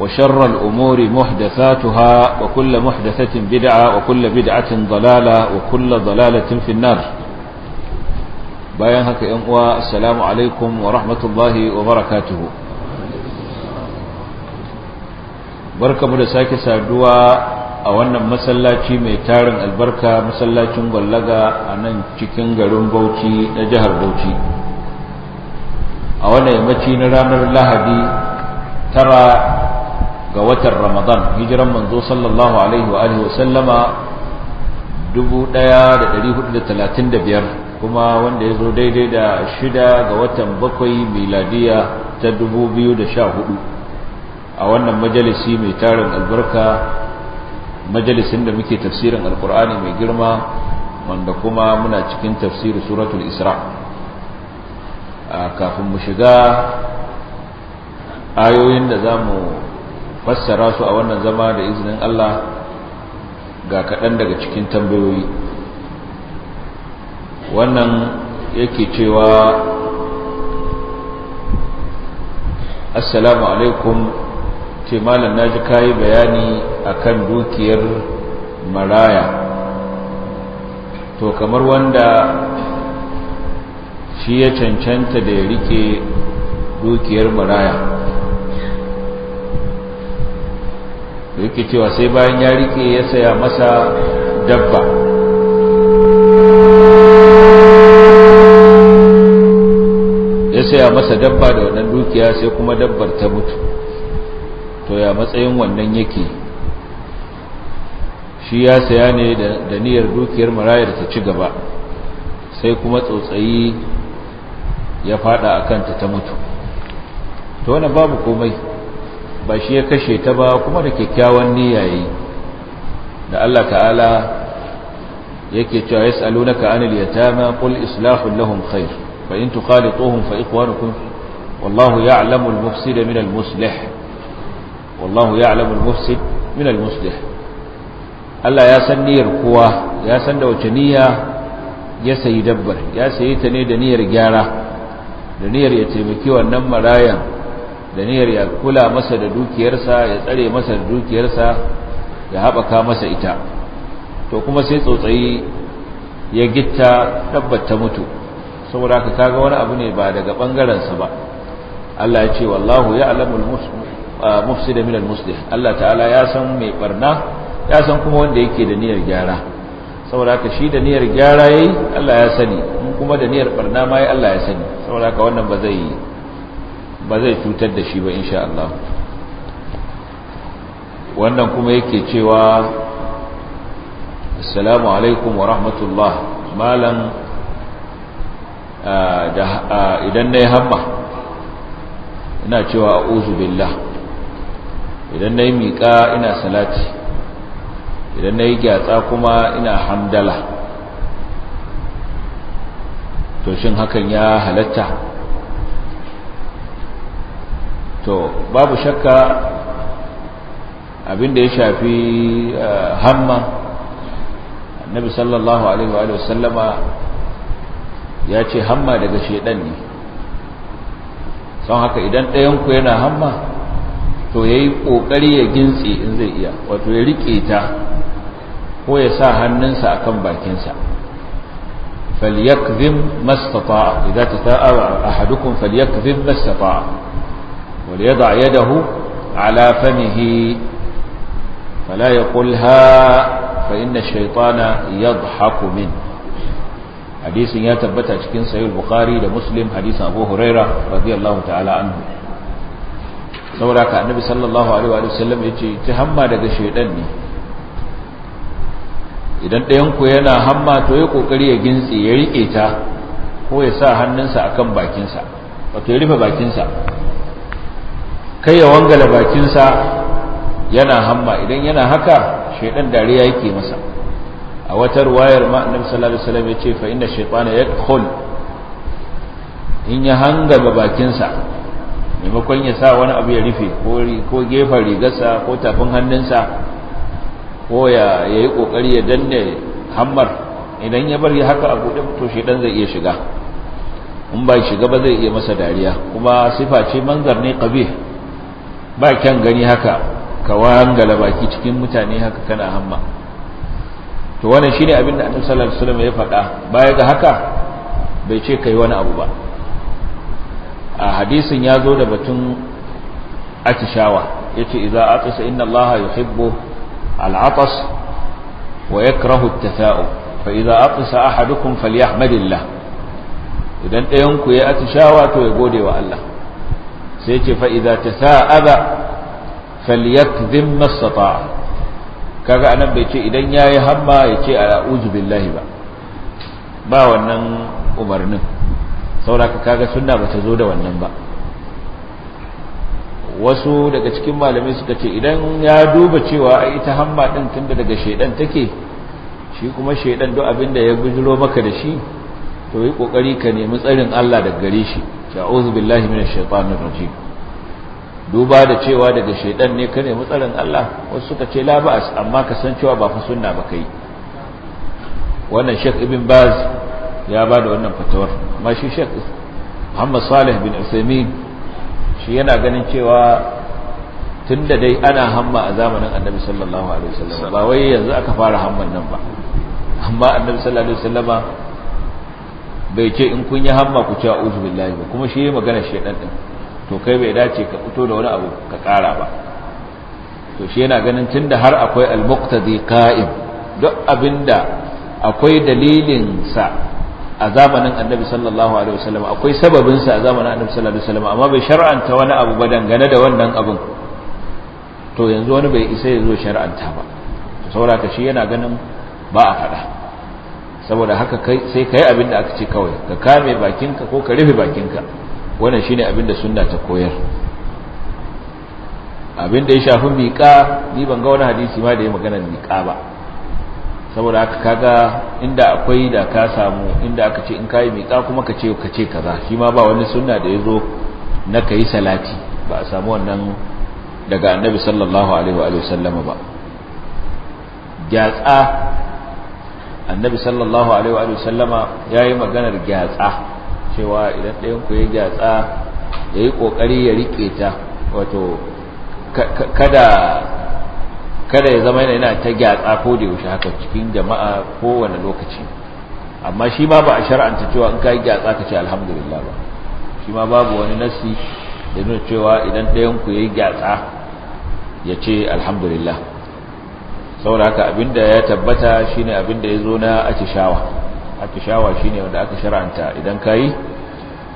وشر الأمور محدثاتها وكل محدثة بدعة وكل بدعة ضلالة وكل ضلالة في النار بيان هكا يموى السلام عليكم ورحمة الله وبركاته بركة مدساك سادوا أولا مسلاتي ميتارن البركة مسلاتي مغلقة أنا تكين غرون بوتي نجهر بوتي أولا يمتين رانر لهدي ترى ga watan ramadan hijiran manzo sallallahu alaihi wa alihi wasallama 1435 kuma wanda ya zo daidai da shida ga watan bakwai miladiya ta 2014 a wannan majalisi mai tarin albarka majalisin da muke tafsirin alkur'ani mai girma wanda kuma muna cikin tafsiri suratul isra a kafin mu shiga ayoyin da za mu fassara su a wannan zama da izinin Allah ga kaɗan daga cikin tambayoyi wannan yake cewa assalamu alaikum ce malam na ji kayi bayani akan dukiyar maraya to kamar wanda shi ya cancanta da ya rike dukiyar maraya da yake cewa sai bayan ya rike ya saya masa dabba ya saya masa dabba da wannan dukiya sai kuma dabbar ta mutu to ya matsayin wannan yake shi ya saya ne da niyyar dukiyar marayar ta ci gaba sai kuma tsotsayi ya fada a kanta ta mutu to wannan babu komai ba shi ya kashe ta ba kuma da kyakkyawan niyyayi da Allah ta'ala yake cewa yas'alunaka 'anil yatama qul islahul lahum khair fa in tuqalituhum fa ikhwanukum wallahu ya'lamu al mufsida min al-muslih wallahu ya'lamu al-mufsid min al-muslih Allah ya san niyyar kowa ya san da wace niyya ya sayi dabbar ya sayi ta ne da niyyar gyara da niyyar ya taimaki wannan marayan da niyyar ya kula masa da dukiyarsa ya tsare masa da dukiyarsa ya haɓaka masa ita to kuma sai tsotsayi ya gitta tabbata mutu saboda haka kaga wani abu ne ba daga ɓangarensa ba Allah ya ce wallahu ya alamul mufsida minal muslih Allah ta'ala ya san mai barna ya san kuma wanda yake da niyyar gyara saboda haka shi da niyyar gyara yayi Allah ya sani kuma da niyyar barna ma yayi Allah ya sani saboda haka wannan ba zai yi ba zai cutar da shi ba insha Allah wannan kuma yake cewa assalamu alaikum wa rahmatullah malam ah, ah, idan na yi hamma ina cewa a'udhu billah idan na yi miƙa ina salati idan na yi gyatsa kuma ina hamdala to shin hakan ya halatta to babu shakka abinda ya shafi eh, hamma annabi sallallahu alaihi wa sallama ya ce hamma daga shedan ne son haka idan ɗayanku yana hamma to ya yi ƙoƙari ya gintse in zai iya wato ya riƙe ta ko ya sa hannunsa a kan bakinsa falyakzim mastata idan ta ta'a ahadukun falyakzim mastata وليضع يده على فمه فلا يقولها فإن الشيطان يضحك منه حديث يا تبتا cikin sahih bukhari da muslim hadisin abu huraira radiyallahu ta'ala anhu saboda ka annabi sallallahu alaihi wa sallam yace ta hamma daga shaydan ne idan ɗayan ku yana hamma to ya ƙoƙari ya gintse ya rike ta ko ya sa hannunsa akan bakinsa wato ya rufe bakinsa kai ya wangala bakinsa yana hamma idan yana haka shaidan dariya yake masa a wata ruwayar ma'anin salari salam ya ce, yace fa inna ya yadkhul in ya hanga bakinsa maimakon ya sa wani abu ya rufe ko gefen rigarsa ko tafin hannunsa ko ya yi kokari ya danne hammar idan ya bari haka a buɗe to shaidan zai iya shiga in ba shiga ba zai iya masa dariya kuma sifa ce manzar ne qabih ba kyan gani haka ka wangala baki cikin mutane haka kana hamma to wannan shine abin da Annabi sallallahu alaihi wasallam ya faɗa baya ga haka bai ce kai wani abu ba a hadisin ya zo da batun atishawa yace idza atasa inna allaha yuhibbu al wa yakrahu at-tasa'u fa idza atasa ahadukum falyahmadillah idan ɗayan ku ya atishawa to ya gode wa Allah sai ce fa'iza ta tasa'aba falyakdhib masata kaga anan bai ce idan yayi hamma ya ce a'udhu billahi ba ba wannan umarnin saboda kaga sunna bata zo da wannan ba wasu daga cikin malamai suka ce idan ya duba cewa a ita hamma ɗin tunda daga shaidan take shi kuma shaidan duk abin da ya bujiro maka da shi to yi ƙoƙari ka nemi tsarin Allah daga gare shi a'udhu billahi minash shaitanir rajim duba da cewa daga shaitan ne kare matsalan Allah wasu suka ce la ba'as amma ka san cewa ba fa sunna ba kai wannan Sheikh Ibn Baz ya ba da wannan fatawar amma shi Sheikh Muhammad Salih bin Usaimin shi yana ganin cewa tunda dai ana hamma a zamanin Annabi sallallahu alaihi wasallam ba wai yanzu aka fara hamman nan ba amma Annabi sallallahu alaihi wasallama bai ce in kun yi hamma ku ce uzu billahi ba kuma shi magana shedan din to kai bai dace ka fito da wani abu ka kara ba to shi yana ganin tunda har akwai al-muqtadi qa'im duk abinda akwai dalilin sa a zamanin annabi sallallahu alaihi wasallam akwai sababin sa a zamanin annabi sallallahu alaihi wasallam amma bai shar'anta wani abu ba dangane da wannan abin to yanzu wani bai isa ya zo shar'anta ba saboda shi yana ganin ba a faɗa saboda haka sai ka yi abin da aka ce kawai ka kame bakinka ko ka rufe bakinka wannan shine abin da sunna ta koyar abin da ya shafi miƙa ni ban ga wani hadisi ma da ya magana miƙa ba saboda haka kaga inda akwai da ka samu inda aka ce in kayi miƙa kuma ka ce ka ce kaza shi ma ba wani sunna da ya zo na kayi salati ba a samu wannan daga annabi sallallahu alaihi wa sallama ba gyatsa annabi sallallahu alaihi wa sallama yi maganar gyatsa cewa idan ɗayan ku ya gyatsa ya yi ƙoƙari ya riƙe ta wato kada ya zama yana ta gyatsa ko da yaushe haka cikin jama'a kowane lokaci amma shi ma ba a shara'anta cewa in ka yi gyatsa ka ce alhamdulillah ba shi ma babu wani nasi da nuna cewa idan ɗayan ku yi gyatsa ya ce alhamdulillah saboda haka abin da ya tabbata shine abinda ya zo na atishawa atishawa shine wanda aka shar'anta idan kai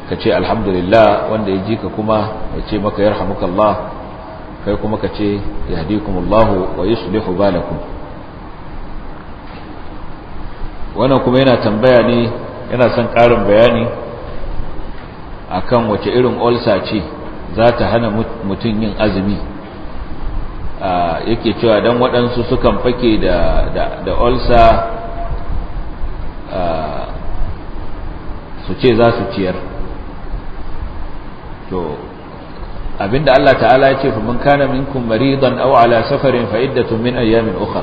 ka ce alhamdulillah wanda ya ji ka kuma ya ce maka yarhamukallah kai kuma ka ce yahdikumullah wa yuslihu balakum wannan kuma yana tambaya ne yana son karin bayani akan wace irin ulsa ce za ta hana mutum yin azumi yake cewa don waɗansu sukan fake da olsa su ce za su ciyar to abinda Allah ta'ala ya ce fa mun kana minkum maridan aw ala safarin fa iddatun min ayyamin ukhra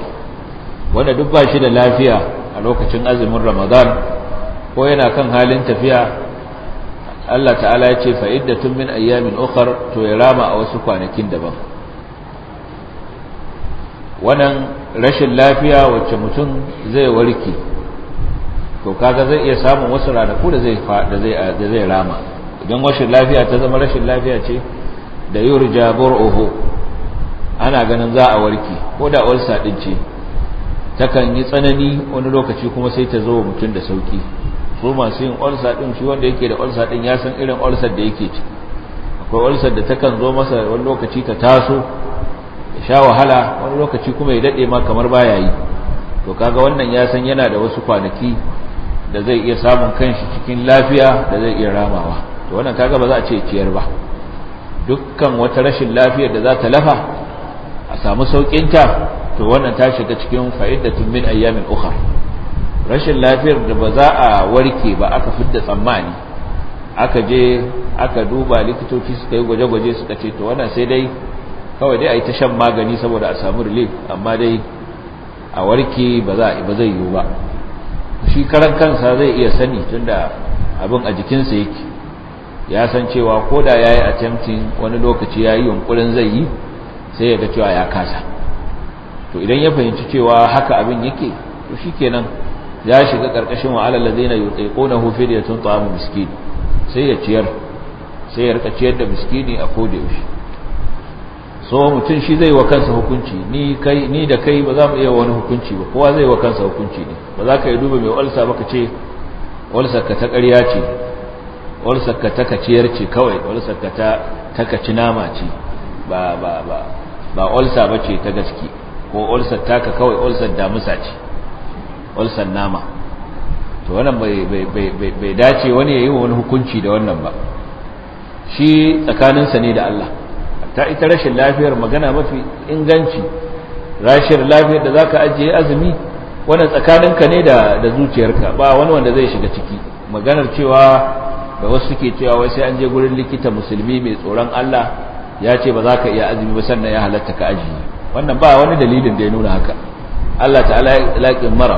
wanda duk bashi da lafiya a lokacin azumin Ramadan ko yana kan halin tafiya Allah ta'ala ya ce fa iddatun min ayyamin ukhra to ya rama a wasu kwanakin daban wannan rashin lafiya wacce mutum zai warke to kaga zai iya samun wasu ranaku da zai da zai da zai rama idan rashin lafiya ta zama rashin lafiya ce da yurja bur'uhu ana ganin za a warke ko da ulsa din ce takan yi tsanani wani lokaci kuma sai ta zo mutum da sauki su masu yin ulsa din shi wanda yake da ulsa din ya san irin ulsa da yake ci akwai ulsa da ta kan zo masa wani lokaci ta taso ya sha wahala wani lokaci kuma ya daɗe ma kamar baya yi to kaga wannan ya san yana da wasu kwanaki da zai iya samun kanshi cikin lafiya da zai iya ramawa to wannan kaga ba za a ce ciyar ba dukkan wata rashin lafiyar da za ta lafa a samu ta to wannan ta shiga cikin fa'idatun min ayyamin ukhra rashin lafiyar da ba za a warke ba aka fidda tsammani aka je aka duba likitoci suka yi gwaje-gwaje suka ce to wannan sai dai kawai dai a yi ta shan magani saboda a samu relief amma dai a warke ba zai yiwu ba shi karan kansa zai iya sani tunda abin a jikinsa yake ya san cewa ko da ya yi attempting wani lokaci ya yi yunkurin zai yi sai ya ga cewa ya kasa to idan ya fahimci cewa haka abin yake to shi kenan ya shiga ƙarƙashin wa'alar lazina yi ko na hufi da ya tun miskini sai ya ciyar sai ya rika ciyar da miskini a kodayaushe so mutum shi zai wa kansa hukunci ni da kai ba za mu iya wani hukunci ba kowa zai wa kansa hukunci ne ba za ka yi duba mai walsa ba ka ce ulsar ka ta ƙarya ce ulsar ka ta kaciyar ce kawai ulsar ka ta takaci nama ce ba ba ba ba ba ce ta gaske ko ulsar taka kawai ulsar damusa ce ulsar nama to wannan bai dace wani ya yi wa wani hukunci da wannan ba shi tsakaninsa ne da Allah ta ita rashin lafiyar magana mafi inganci rashin lafiyar da zaka ajiye azumi wannan tsakaninka ne da da zuciyarka ba wani wanda zai shiga ciki maganar cewa da wasu suke cewa wai an je gurin likita musulmi mai tsoron Allah ya ce ba za ka iya azumi ba sannan ya halatta ka ajiye wannan ba wani dalilin da ya nuna haka Allah ta'ala laqin mara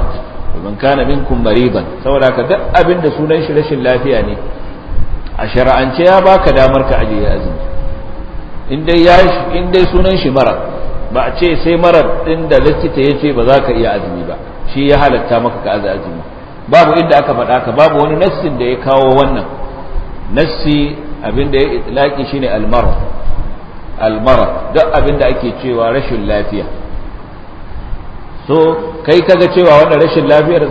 man kana minkum ba saboda ka duk abin da sunan shi rashin lafiya ne a shari'ance ya baka damar ka ajiye azumi in dai sunan shi marar ba a ce sai marar ɗin da likita ya ce ba za ka iya azumi ba shi ya halatta maka ka aza azumi babu inda aka faɗa ka babu wani nassin da ya kawo wannan nassi abin da ya itlaki shine almar almar duk abin da ake cewa rashin lafiya so kai kaga cewa wannan rashin lafiyar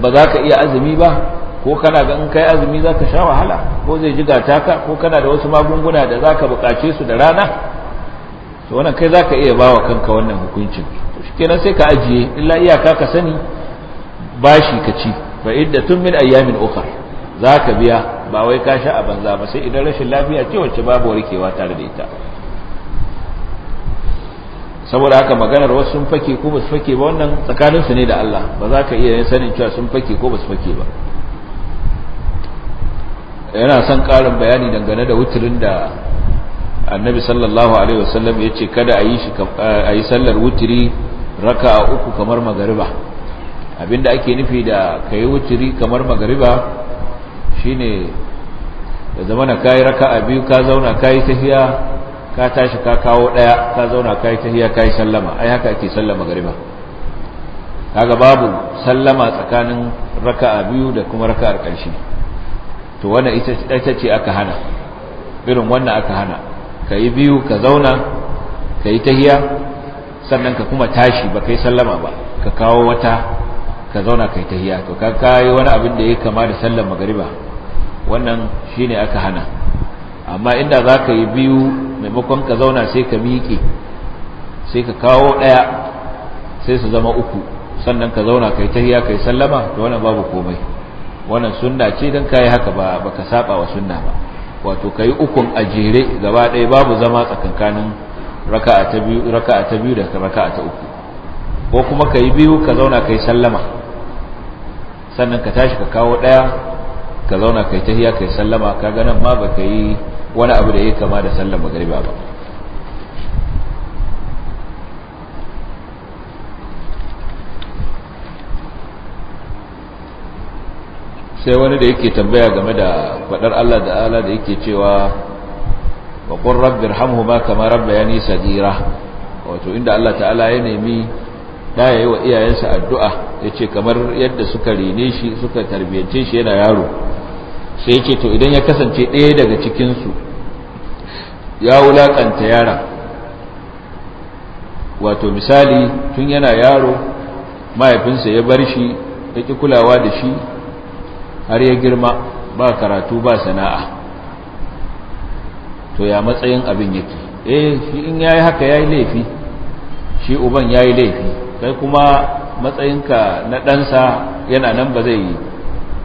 ba za ka iya azumi ba ko kana ga in kai azumi za ka sha wahala ko zai ji gata ka ko kana da wasu magunguna da za ka buƙace su da rana to wannan kai za ka iya ba wa kanka wannan hukuncin to shi kenan sai ka ajiye illa iyaka ka sani bashi ka ci fa idda tun min ayyamin ukhra za ka biya ba wai ka sha a banza ba sai idan rashin lafiya ce wacce babu warkewa tare da ita saboda haka maganar wasu sun fake ko ba su fake ba wannan tsakaninsu ne da Allah ba za ka iya sanin cewa sun fake ko ba su fake ba yana son ƙarin bayani dangane da wutirin da annabi sallallahu alaihi wasallam ya ce kada a yi sallar wutiri raka a uku kamar magariba abinda ake nufi da ka yi wutiri kamar magariba shine da zamana ka yi raka a biyu ka zauna yi tahiya ka tashi ka kawo ɗaya ka zauna kayi tahiya yi sallama ai haka ake sallar magariba kaga babu sallama tsakanin raka a biyu da kuma raka'ar ƙarshe to wannan ita ce aka hana irin wannan aka hana ka yi biyu ka zauna ka yi tahiya sannan ka kuma tashi ba ka yi sallama ba ka kawo wata ka zauna ka yi tahiya to ka kayi wani abin da ya kama da sallar magariba wannan shine aka hana amma inda za ka yi biyu maimakon ka zauna sai ka miƙe sai ka kawo ɗaya sai su zama uku sannan ka zauna ka yi tahiya ka yi sallama da wannan babu komai wannan sunna ce don kayi haka ba baka saba wa sunna ba wato kayi ukun a jere gaba ɗaya babu zama tsakankanin raka'a ta biyu da raka'a ta uku ko kuma kayi biyu ka zauna kai sallama sannan ka tashi ka kawo ɗaya ka zauna kai tahiya kai sallama ka nan ma baka yi wani abu da yake kama da sallar magariba ba sai wani da yake tambaya game da faɗar Allah da ala da yake cewa wa qur rabbir hamhuma kama rabbayani sagira wato inda Allah ta'ala ya nemi da yayi wa iyayensa addu'a yace kamar yadda suka rene shi suka tarbiyance shi yana yaro sai yace to idan ya kasance ɗaya daga cikin su ya wulakanta yara. wato misali tun yana yaro mahaifinsa ya bar shi ya ki kulawa da shi har ya girma ba karatu ba sana'a to ya matsayin abin yake eh shi in yayi haka yayi laifi shi uban yayi laifi kai kuma matsayinka na ɗansa yana nan ba zai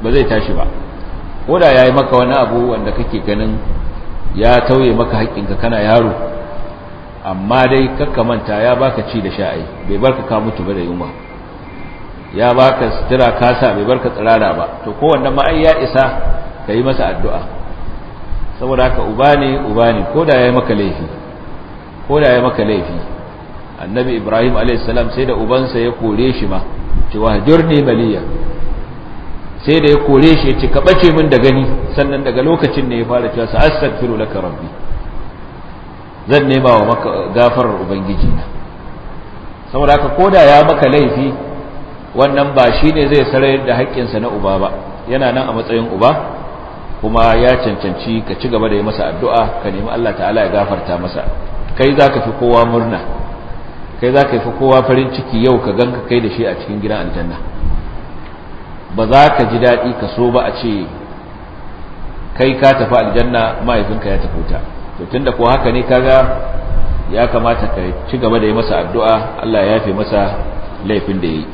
ba zai tashi ba koda yayi maka wani abu wanda kake ganin ya tauye maka haƙƙinka kana yaro amma dai kakka manta ya baka ci da sha'ai bai barka ka mutu ba da yunwa ya baka ka kasa bai ka tsirara ba to kowanne ma'ai ya isa ka yi masa addu'a saboda haka uba ne uba ne ko da ya yi maka laifi ko da ya maka laifi annabi ibrahim a.s. sai da ubansa ya kore shi ma cewa ne maliya sai da ya kore shi ya ce ka ɓace min da gani sannan daga lokacin ne ya fara cewa sa'asar filo laka rabbi zan nema wa gafarar ubangiji na saboda haka ko da ya maka laifi wannan ba shi ne zai sarai da haƙƙinsa na uba ba yana nan a matsayin uba kuma ya cancanci ka ci gaba da yi masa addu'a ka nemi Allah ta'ala ya gafarta masa kai za ka fi kowa murna kai za ka fi kowa farin ciki yau ka gan ka kai da shi a cikin gidan aljanna ba za ka ji daɗi ka so ba a ce kai ka tafi aljanna mahaifinka ya tafi ta to tunda ko haka ne kaga ya kamata ka ci gaba da yi masa addu'a Allah ya yafe masa laifin da ya yi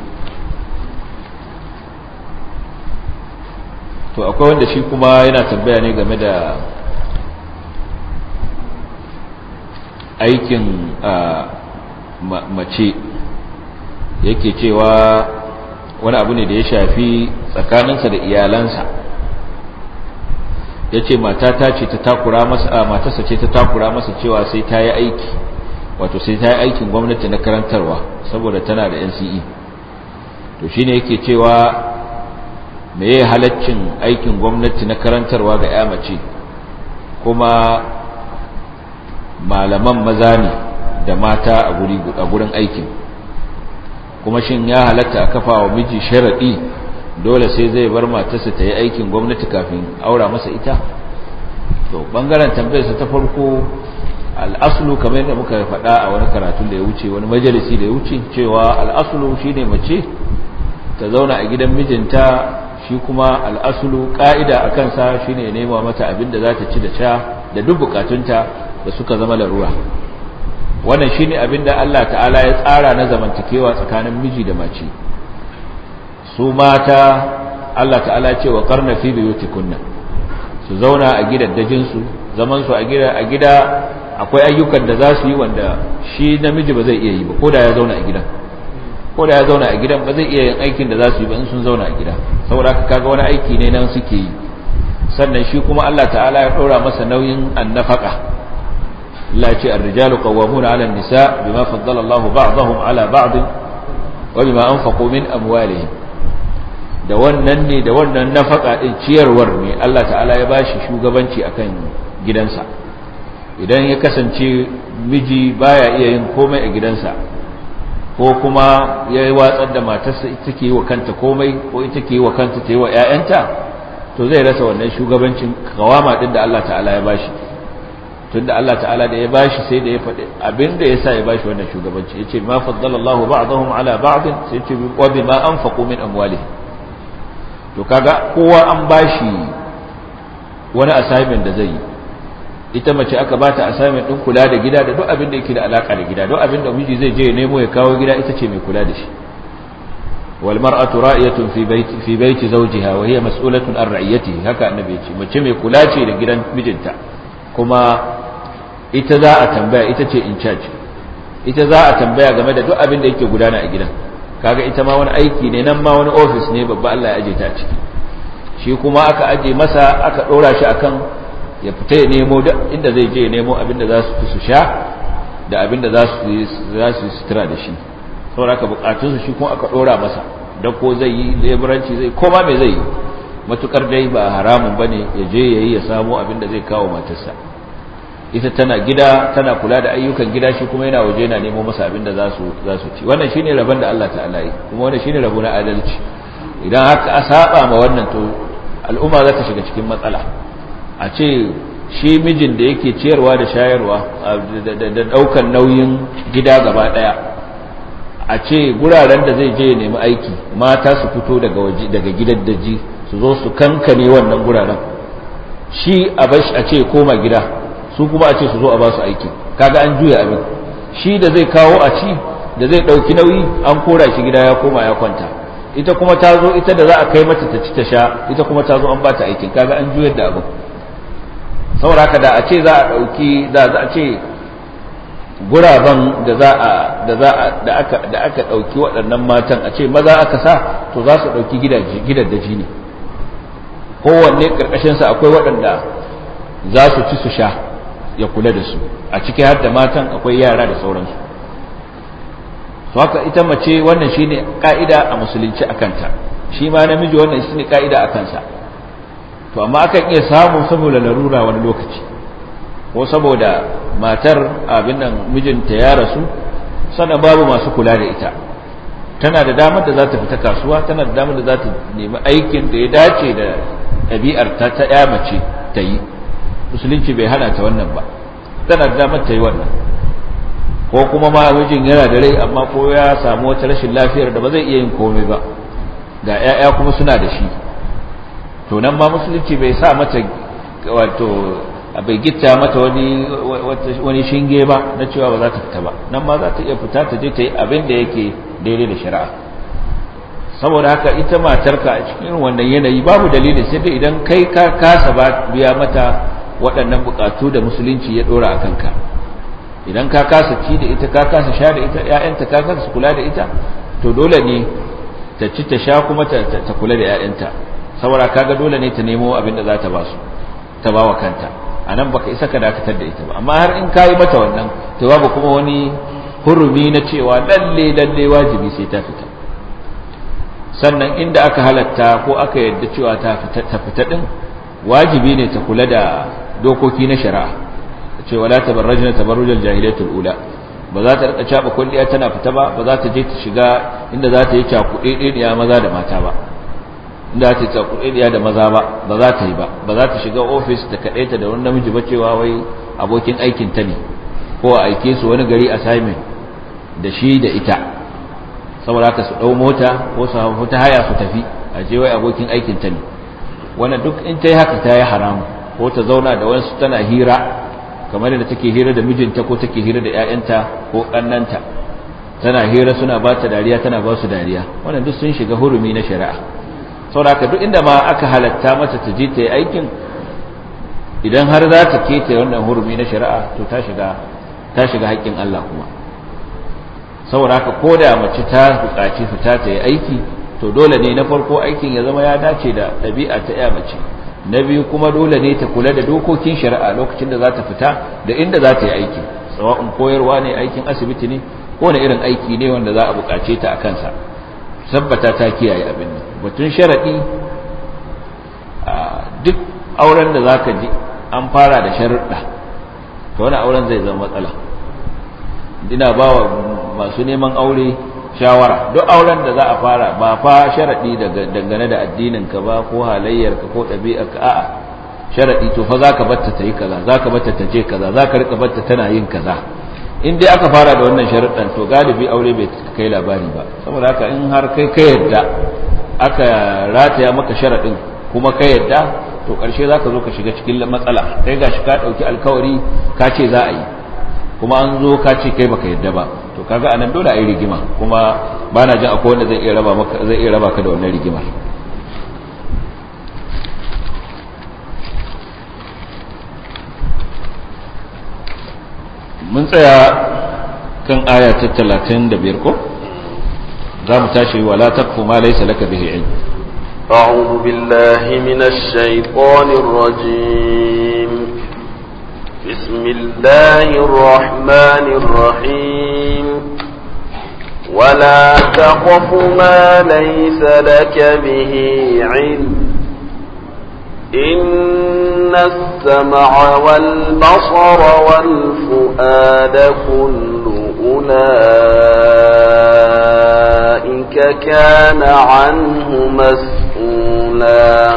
to akwai wanda shi kuma yana tambaya ne game da aikin mace yake cewa wani abu ne da ya shafi tsakaninsa da iyalansa ya ce matasa ce ta takura masa cewa sai ta yi aiki wato sai ta yi aikin gwamnati na karantarwa saboda tana da nce to shi shine yake cewa me ya halaccin aikin gwamnati na karantarwa ga ya mace kuma malaman maza ne da mata a gurin aikin kuma shin ya halatta a kafa wa miji sharaɗi dole sai zai bar matarsa ta yi aikin gwamnati kafin aura masa ita to ɓangaren tambayarsa ta farko al'asulu kamar yadda muka faɗa a wani karatun da ya wuce wani majalisi da ya wuce cewa al'asulu shi ne mace ta zauna a gidan mijinta shi kuma al'asulu ƙa'ida a kansa shi ne nema mata abin da za ta ci da sha da duk bukatunta da suka zama larura wannan shi ne abin da Allah ta'ala ya tsara na zamantakewa tsakanin miji da mace su mata Allah ta'ala ce wa ƙarna fi biyu tukunna su zauna a gidan dajinsu zamansu a gida akwai ayyukan da za su yi wanda shi namiji ba zai iya yi ba ko da ya zauna a gidan ko da ya zauna a gidan ba zai iya yin aikin da za su yi ba in sun zauna a gida saboda haka kaga wani aiki ne nan suke yi sannan shi kuma Allah ta'ala ya ɗora masa nauyin annafaka Allah ce ar-rijalu qawwamuna 'ala an-nisa bima faddala Allahu ba'dahum 'ala ba'd wa bima anfaqu min amwalihim da wannan ne da wannan nafaka din ciyarwar ne Allah ta'ala ya bashi shugabanci akan gidansa idan ya kasance miji baya iya yin komai a gidansa ko kuma ya yi watsar da matarsa ita ke yi wa kanta komai ko ita ke yi wa kanta ta yi wa 'ya'yanta to zai rasa wannan shugabancin kawama ɗin da Allah ta'ala ya bashi tun da Allah ta'ala da ya bashi sai da ya faɗi abin da ya sa ya bashi wannan shugabanci ya ce ma faddalallahu ba'dahum ala ba'din sai ce bi ma min amwalihim to kaga kowa an bashi wani assignment da zai yi ita mace aka bata assignment din kula da gida da duk abin da yake da alaka da gida duk abin da miji zai je ya nemo ya kawo gida ita ce mai kula da shi wal mar'atu ra'iyatun fi baiti fi baiti zawjiha wa hiya mas'ulatun an ra'iyati haka annabi ya ce mace mai kula ce da gidan mijinta kuma ita za a tambaya ita ce in charge ita za a tambaya game da duk abin da yake gudana a gidan kaga ita ma wani aiki ne nan ma wani office ne babba Allah ya aje ta ciki shi kuma aka aje masa aka dora shi akan ya fita ya nemo inda zai je ya nemo abinda za su fi su sha da abinda za su yi sutura da shi saboda ka su shi kuma aka dora masa da ko zai yi leburanci zai koma mai zai yi matukar dai ba haramun ba ne ya je ya yi ya samo abinda zai kawo matarsa ita tana gida tana kula da ayyukan gida shi kuma yana waje yana nemo masa abinda za za su ci wannan shine rabon da Allah ta'ala yi kuma wannan shine rabo na adalci idan haka a saba ma wannan to al'umma za ta shiga cikin matsala a ce shi mijin da yake ciyarwa da shayarwa da daukan nauyin gida gaba daya a ce guraren da zai je nemi aiki mata su fito daga waje daga gidan daji su zo su kankane wannan guraren shi a bashi a ce koma gida su kuma a ce su zo a ba su aiki kaga an juya abin shi da zai kawo a ci da zai dauki nauyi an kora shi gida ya koma ya kwanta ita kuma ta zo ita da za a kai mata ta ci ta sha ita kuma ta zo an ba ta aikin kaga an juyar da abin saboda haka da a ce za a ɗauki da za a ce guraben da za a da za a da aka ɗauki waɗannan matan a ce maza aka sa to za su ɗauki gidaje ne kowanne ƙarƙashinsa akwai waɗanda za su ci su sha ya kula da su a ciki har da matan akwai yara da sauransu to haka ita mace wannan shine ka'ida a musulunci akanta shi ma namiji wannan shine ka'ida a kansa to amma akan iya samu saboda larura wani lokaci ko saboda matar abin nan mijinta ya rasu sannan babu masu kula da ita tana da damar da za ta fita kasuwa tana da damar da za ta nemi aikin da ya dace da ɗabi'ar ta ta ya mace ta yi musulunci bai hana ta wannan ba tana da damar ta yi wannan ko kuma ma mijin yana da rai amma ko ya samu wata rashin lafiyar da ba zai iya yin komai ba ga 'ya'ya kuma suna da shi to nan ma musulunci bai sa mata wato bai gitta mata wani shinge ba na cewa ba za ta fita ba nan ma za ta iya fita ta je ta yi abin da yake daidai da shari'a saboda haka ita matarka a cikin wannan yanayi babu dalili sai dai idan kai ka kasa ba biya mata waɗannan buƙatu da musulunci ya ɗora a kanka idan ka kasa ci da ita ka kasa sha da ita ‘ya'yanta ka kasa kula da ita to dole ne ta ci ta sha kuma ta kula da ‘ya'yanta saboda kaga dole ne ta nemo abin da za ta basu ta ba wa kanta a anan baka isa ka dakatar da ita ba amma har in kayi mata wannan to babu kuma wani hurumi na cewa lalle lalle wajibi sai ta fita sannan inda aka halatta ko aka yadda cewa ta fita ta fita din wajibi ne ta kula da dokoki na shari'a ce wala tabarrajna tabarrujal jahiliyatul ula ba za ta rika caba kulliya tana fita ba ba za ta je ta shiga inda za ta yi cakuɗe ɗaya maza da mata ba da ta takuriya da maza ba ba za ta yi ba ba za ta shiga ofis ta ta da wani namiji ba cewa wai abokin aikin ta ne ko a aike su wani gari assignment da shi da ita saboda haka su dau mota ko su hawo ta haya su tafi a je wai abokin aikin ta ne wannan duk in ta yi haka ta yi haramu ko ta zauna da wani tana hira kamar da take hira da mijinta ko take hira da 'ya'yanta ko ƙannanta tana hira suna ba ta dariya tana ba su dariya wannan duk sun shiga hurumi na shari'a sauraka duk inda ma aka halatta mata ta je ta yi aikin idan har za ta keta wannan hurumi na shari'a to ta shiga hakkin haƙƙin Allah kuma sauraka ko da mace ta buƙaci fita ta yi aiki to dole ne na farko aikin ya zama ya dace da ɗabi'a ta ya mace na biyu kuma dole ne ta kula da dokokin shari'a lokacin da za ta fita da inda za ta yi aiki tsawon koyarwa ne aikin asibiti ne ko irin aiki ne wanda za a buƙace ta a kansa tabbata ta kiyaye abin nan batun sharaɗi duk auren da za ka ji an fara da sharuɗa ta wani auren zai zama matsala dina ba wa masu neman aure shawara duk auren da za a fara ba fa sharaɗi dangane da addininka ba ko halayyarka ko ɗabi'arka a'a sharaɗi to fa za ka batta ta yi kaza za ka batta ta je kaza za ka riƙa batta tana yin kaza in dai aka fara da wannan sharuɗan to galibi aure bai kai labari ba saboda haka in har kai ka yarda aka rataya maka sharaɗin kuma ka yadda to ƙarshe za ka zo ka shiga cikin matsala kai gashi ka ɗauki alkawari ka ce za a yi kuma an zo ka ce kai baka yadda ba to ka kaga anan dole a yi rigima kuma ba na jin akwai wanda zai iya raba ka da wannan rigima mun tsaya kan aya ta talatin da biyar ko zamu tashi ولا تقف ما ليس لك به علم أعوذ بالله من الشيطان الرجيم بسم الله الرحمن الرحيم ولا تقف ما ليس لك به علم إن السمع والبصر والفؤاد كل أولاد أولئك كان عنه مسؤولا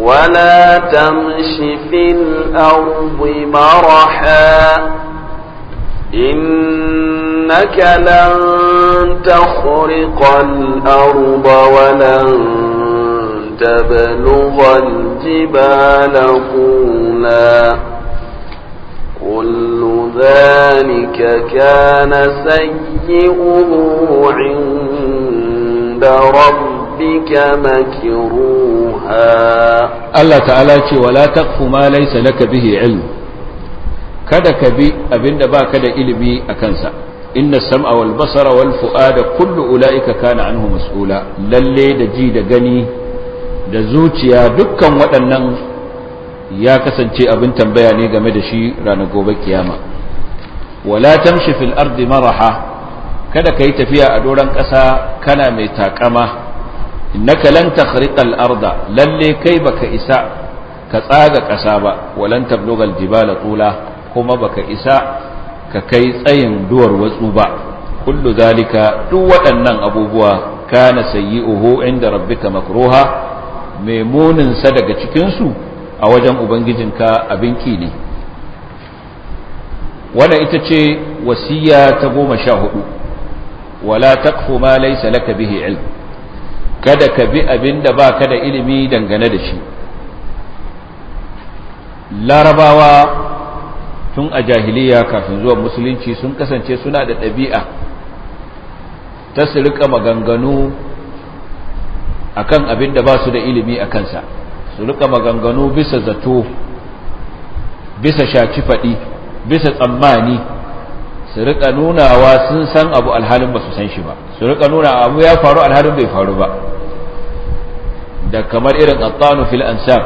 ولا تمش في الأرض مرحا إنك لن تخرق الأرض ولن تبلغ الجبال طولا كل ذلك كان سيئه عند ربك مكروها الله تعالى ولا تقف ما ليس لك به علم kada ka bi abinda ba ka da ilimi a kansa inna sam'a wal basara wal fu'ada kullu ula'ika kana anhu mas'ula lalle da ji da gani da zuciya dukkan waɗannan ya kasance abin tambaya ne game da shi ranar gobe kiyama wala tamshi fil ardi maraha kada kai tafiya a doran ƙasa kana mai takama innaka lan takhriqal arda lalle kai baka isa ka tsaga ƙasa ba walan tablugal jibala tula kuma baka isa ka kai tsayin duwar watsu ba kullu zalika duk waɗannan abubuwa kana sayyi'uhu inda rabbika makruha memunin sa daga cikin su a wajen ubangijinka abin abinki ne wannan ita ce wasiya ta goma sha hudu wala takfu ma laysa laka bihi ilm kada ka bi abin da ba ka da ilimi dangane da shi larabawa tun a jahiliya kafin zuwa musulunci sun kasance suna da ɗabi'a ta su rika maganganu akan abin da ba su da ilimi a kansa su rika maganganu bisa zato bisa shaci faɗi bisa tsammani su rika nunawa sun san abu alhalin ba su san shi ba su rika nuna abu ya faru alhalin bai faru ba da kamar irin attanu fil ansab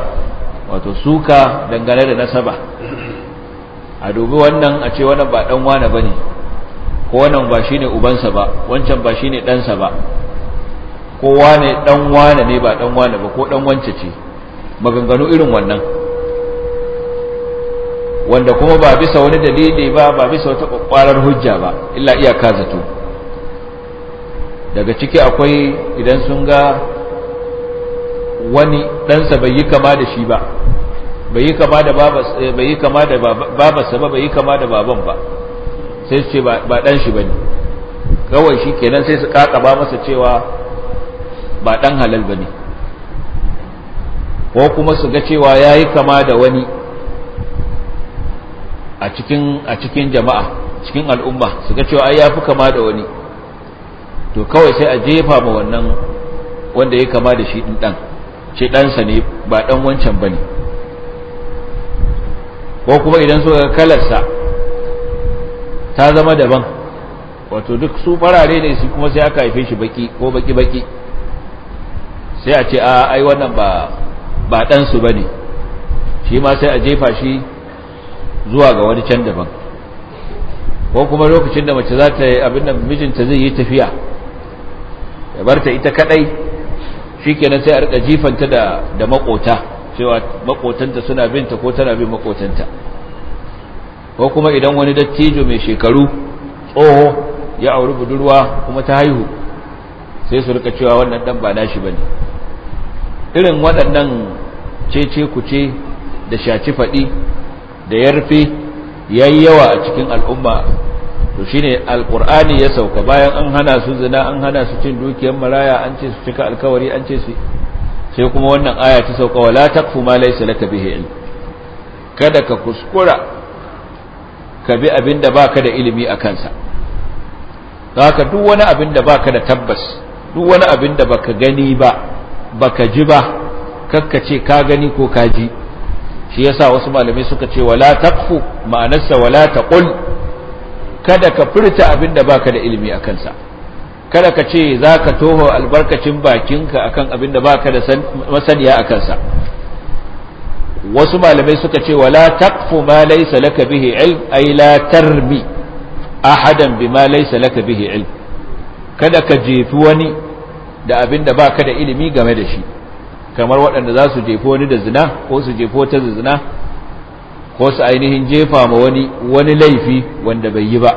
wato suka dangane da nasaba a dubi wannan a ce wannan ba dan wane bane ko wannan ba shine ubansa ba wancan ba shine ɗansa ba ko wane dan wane ne ba dan wane ba ko dan wance ce maganganu irin wannan wanda kuma ba bisa wani dalili ba ba bisa wata kwakwarar hujja ba illa iyaka zato daga ciki akwai idan sun ga wani ɗansa bai yi kama da shi ba bai yi kama da babarsa bai yi kama da ba bai yi kama da baban ba sai su ce ba ɗan shi ba ne kawai shi kenan sai su kaka ba masa cewa ba ɗan halal ba ne ko kuma su ga cewa ya yi kama da wani a cikin jama'a cikin al'umma su ga cewa ai ya fi kama da wani to kawai sai a jefa ma wannan wanda ya kama da shi ɗan ce ɗansa ne ba ɗan wancan ba ne ko kuma idan suka kalarsa ta zama daban wato duk su farare ne su kuma sai aka haife shi baki ko baki-baki sai a ce a ai wannan ba ba ɗansu ba ne shi ma sai a jefa shi zuwa ga wani can daban ko kuma lokacin da mace za ta yi abin da mijinta zai yi tafiya ya bar ta ita kadai shi kenan sai a rika jifanta da makota cewa makotanta suna binta ko tana bin makotanta ko kuma idan wani dattijo mai shekaru tsoho ya auri budurwa kuma ta haihu sai su rika cewa wannan dan ba nashi ba ne. irin waɗannan cece kuce da shaci faɗi da yarfe yayi yawa a cikin al'umma to shine Alƙur'ani ya sauka bayan an hana su zina an hana su cin dukiyar maraya an ce su cika alkawari an ce su sai kuma wannan aya ta sauka wala takfu ma laysa laka bihi ilm kada ka kuskura ka bi abin da baka da ilimi a kansa haka duk wani abin da baka da tabbas duk wani abin da baka gani ba baka ji ba kakka ce ka gani ko ka ji shi yasa wasu malamai suka ce wala taqfu ma'anarsa wala taqul kada ka furta abin da baka da ilimi a kansa kada ka ce za ka toho albarkacin bakinka akan abin da baka da masaniya a kansa wasu malamai suka ce wala taqfu ma laysa laka bihi ilm ay la tarmi ahadan bima laysa laka bihi ilm kada ka jefi wani da abin da baka da ilimi game da shi kamar waɗanda za su jefo wani da zina ko su jefo ta zina ko su ainihin jefa ma wani wani laifi wanda bai yi ba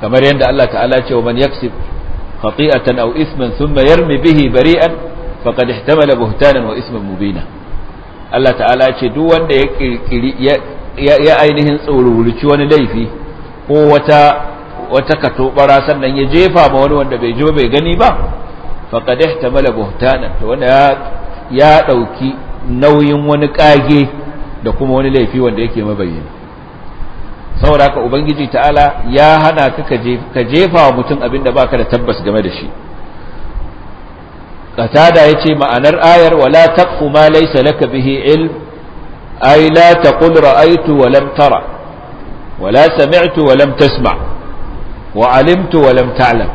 kamar yadda Allah ta'ala ce wa man yaksib khati'atan aw isman thumma yarmi bihi bari'an faqad ihtamala buhtanan wa isman mubina Allah ta'ala ce duk wanda ya kirkiri ya ainihin tsorurci wani laifi ko wata wata katobara sannan ya jefa ma wani wanda bai jo bai gani ba faqad ihtamala buhtanan to wanda ya dauki nauyin wani kage da kuma wani laifi wanda yake mabayyana saboda haka ubangiji ta'ala ya hana ka ka jefa wa mutum abinda baka da tabbas game da shi qatada yace ma'anar ayar wala taqfu ma laysa laka bihi ilm ay la taqul ra'aytu wa lam tara ولا سمعت ولم tasma. wa alimtu wa lam ta'lam